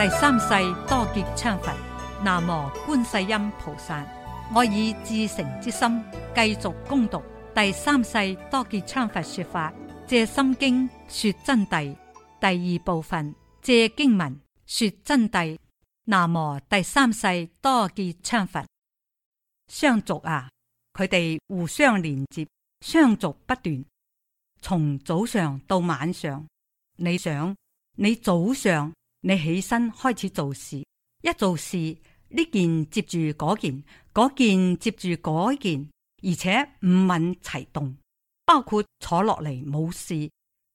第三世多杰羌佛，南無觀世音菩薩。我以至誠之心繼續攻讀第三世多杰羌佛說法，借心經說真諦第二部分，借經文說真諦。南無第三世多杰羌佛，相續啊，佢哋互相連接，相續不斷，從早上到晚上。你想，你早上？你起身開始做事，一做事，呢件接住嗰件，嗰件接住嗰件，而且唔問齊動，包括坐落嚟冇事，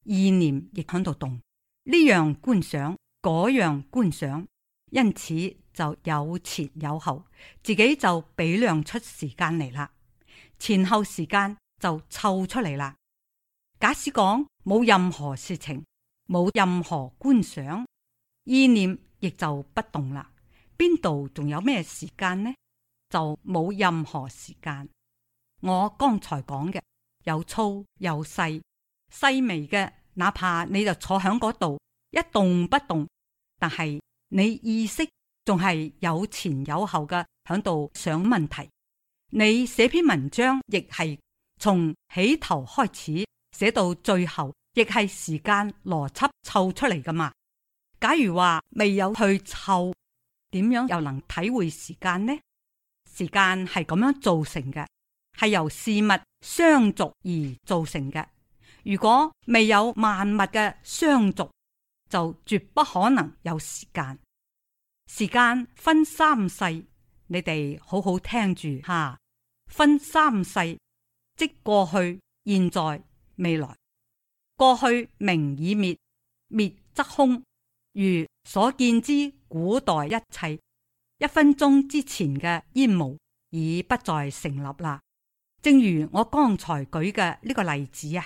意念亦響度動，呢樣觀想，嗰樣觀想，因此就有前有後，自己就比量出時間嚟啦，前後時間就湊出嚟啦。假使講，冇任何事情，冇任何觀想。意念亦就不動啦，邊度仲有咩時間呢？就冇任何時間。我剛才講嘅有粗有細，細微嘅，哪怕你就坐喺嗰度一動不動，但係你意識仲係有前有後嘅響度想問題。你寫篇文章亦係從起頭開始寫到最後，亦係時間邏輯湊出嚟㗎嘛。假如話未有去湊，點樣又能體會時間呢？時間係咁樣造成嘅，係由事物相續而造成嘅。如果未有萬物嘅相續，就絕不可能有時間。時間分三世，你哋好好聽住吓。分三世，即過去、現在、未來。過去明已滅，滅則空。如所見之古代一切，一分鐘之前嘅煙霧已不再成立啦。正如我剛才舉嘅呢個例子啊，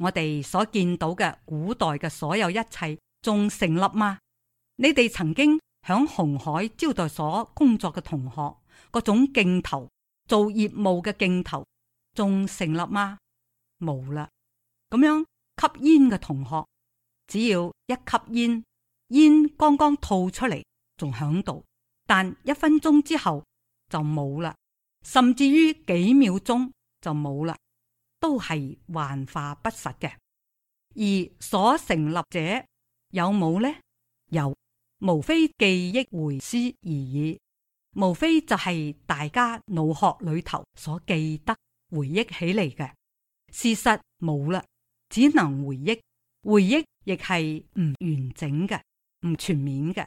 我哋所見到嘅古代嘅所有一切，仲成立嗎？你哋曾經響紅海招待所工作嘅同學，各種鏡頭做業務嘅鏡頭，仲成立嗎？冇啦。咁樣吸煙嘅同學，只要一吸煙。煙剛剛吐出嚟，仲響度，但一分鐘之後就冇啦，甚至於幾秒鐘就冇啦，都係幻化不實嘅。而所成立者有冇呢？有，無非記憶回思而已，無非就係大家腦殼裏頭所記得回憶起嚟嘅事實冇啦，只能回憶，回憶亦係唔完整嘅。唔全面嘅，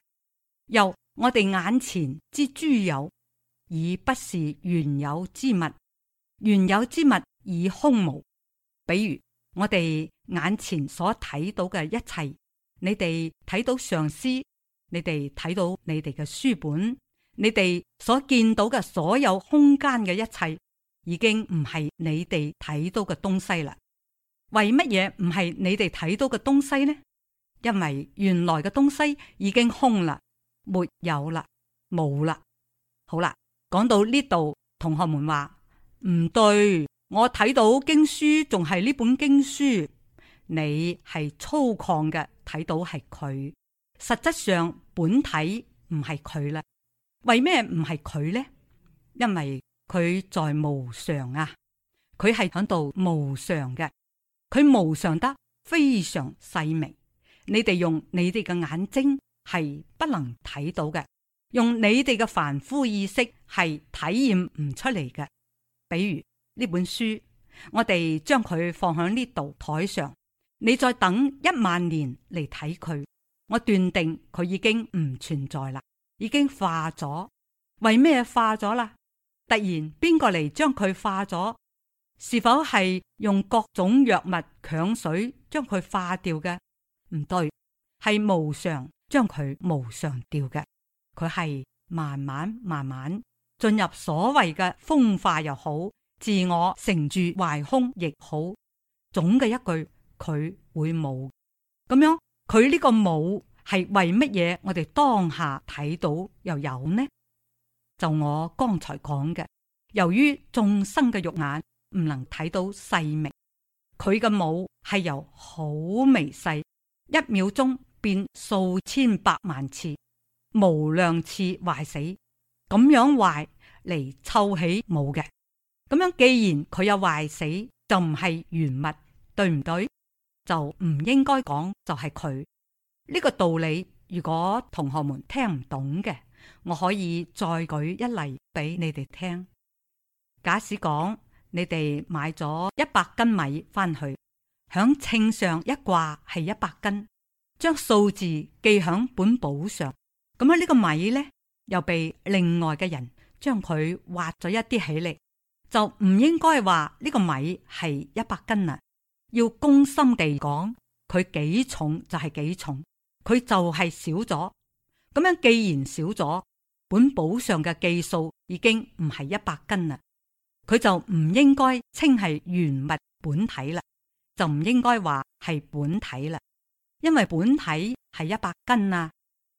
由我哋眼前之諸有，已不是原有之物；原有之物已空無。比如我哋眼前所睇到嘅一切，你哋睇到上司，你哋睇到你哋嘅書本，你哋所見到嘅所有空間嘅一切，已經唔係你哋睇到嘅東西啦。為乜嘢唔係你哋睇到嘅東西呢？因為原來嘅東西已經空啦，沒有啦，冇啦。好啦，講到呢度，同學們話唔對，我睇到經書仲係呢本經書，你係粗獷嘅睇到係佢，實質上本體唔係佢啦。為咩唔係佢呢？因為佢在無常啊，佢係響度無常嘅，佢無常得非常細微。你哋用你哋嘅眼睛係不能睇到嘅，用你哋嘅凡夫意識係體驗唔出嚟嘅。比如呢本書，我哋將佢放喺呢度台上，你再等一萬年嚟睇佢，我斷定佢已經唔存在啦，已經化咗。為咩化咗啦？突然邊個嚟將佢化咗？是否係用各種藥物、強水將佢化掉嘅？唔對，係無常將佢無常掉嘅，佢係慢慢慢慢進入所謂嘅風化又好，自我成住壞空亦好，總嘅一句，佢會冇。咁樣。佢呢個冇係為乜嘢？我哋當下睇到又有呢？就我剛才講嘅，由於眾生嘅肉眼唔能睇到細微，佢嘅冇係由好微細。一秒鐘變數千百萬次，無量次壞死，咁樣壞嚟湊起冇嘅，咁樣既然佢有壞死，就唔係原物，對唔對？就唔應該講就係佢。呢個道理。如果同學們聽唔懂嘅，我可以再舉一例俾你哋聽。假使講你哋買咗一百斤米翻去。響秤上一掛係一百斤，將數字記響本簿上。咁樣呢個米呢，又被另外嘅人將佢挖咗一啲起嚟，就唔應該話呢個米係一百斤啦。要公心地講，佢幾重就係幾重，佢就係少咗。咁樣既然少咗，本簿上嘅記數已經唔係一百斤啦，佢就唔應該稱係原物本體啦。就唔應該話係本體啦，因為本體係一百斤啊，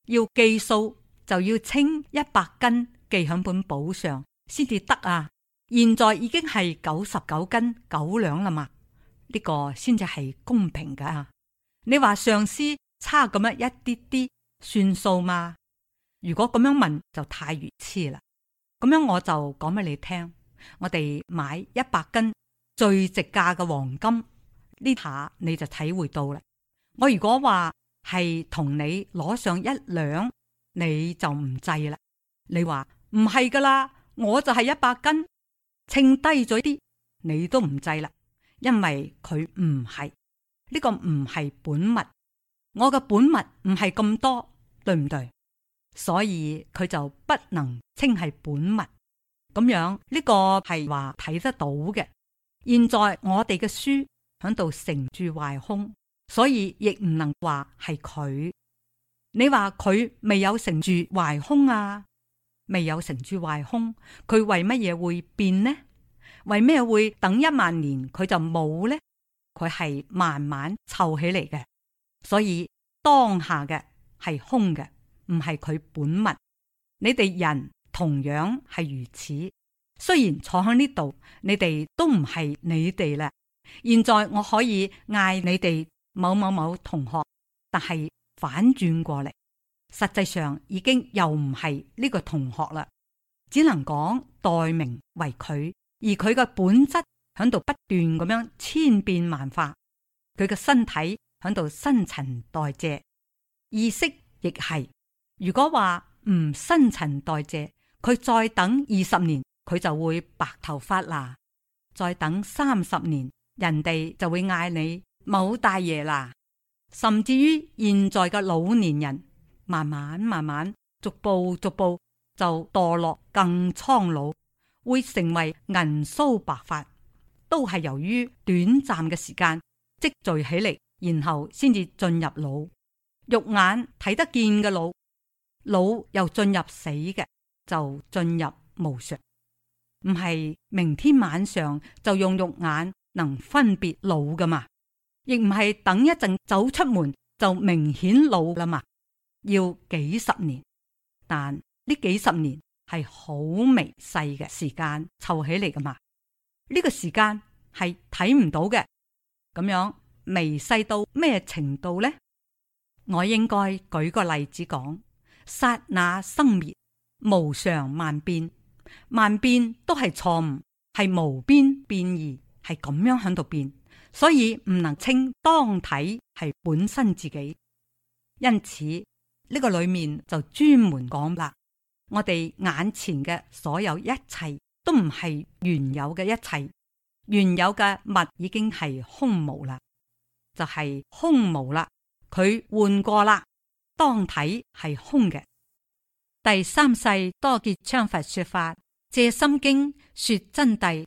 要計數就要稱一百斤記響本簿上先至得啊。現在已經係九十九斤九兩啦嘛，呢個先至係公平噶。你話上司差咁樣一啲啲算數嘛？如果咁樣問就太愚痴啦。咁樣我就講俾你聽，我哋買一百斤最值價嘅黃金。呢下你就體會到啦。我如果話係同你攞上一兩，你就唔制啦。你話唔係噶啦，我就係一百斤，稱低咗啲，你都唔制啦，因為佢唔係呢個唔係本物，我嘅本物唔係咁多，對唔對？所以佢就不能稱係本物咁樣，呢、這個係話睇得到嘅。現在我哋嘅書。喺度成住壞空，所以亦唔能話係佢。你話佢未有成住壞空啊？未有成住壞空，佢為乜嘢會變呢？為咩會等一萬年，佢就冇呢？佢係慢慢湊起嚟嘅，所以當下嘅係空嘅，唔係佢本物。你哋人同樣係如此，雖然坐喺呢度，你哋都唔係你哋啦。現在我可以嗌你哋某某某同學，但係反轉過嚟，實際上已經又唔係呢個同學啦，只能講代名為佢，而佢嘅本質喺度不斷咁樣千變萬化，佢嘅身體喺度新陳代謝，意識亦係。如果話唔新陳代謝，佢再等二十年，佢就會白頭髮啦；再等三十年。人哋就會嗌你某大爺啦，甚至於現在嘅老年人，慢慢慢慢，逐步逐步就墮落，更蒼老，會成為銀鬚白髮，都係由於短暫嘅時間積聚起嚟，然後先至進入老，肉眼睇得見嘅老，老又進入死嘅，就進入無常，唔係明天晚上就用肉眼。能分別老噶嘛？亦唔係等一陣走出門就明顯老啦嘛？要幾十年，但呢幾十年係好微細嘅時間湊起嚟噶嘛？呢個時間係睇唔到嘅，咁樣微細到咩程度呢？我應該舉個例子講：剎那生滅，無常萬變，萬變都係錯誤，係無邊變異。係咁樣喺度變，所以唔能稱當體係本身自己。因此呢個裏面就專門講啦，我哋眼前嘅所有一切都唔係原有嘅一切，原有嘅物已經係空無啦，就係空無啦。佢換過啦，當體係空嘅。第三世多杰羌佛說法借心經說真諦。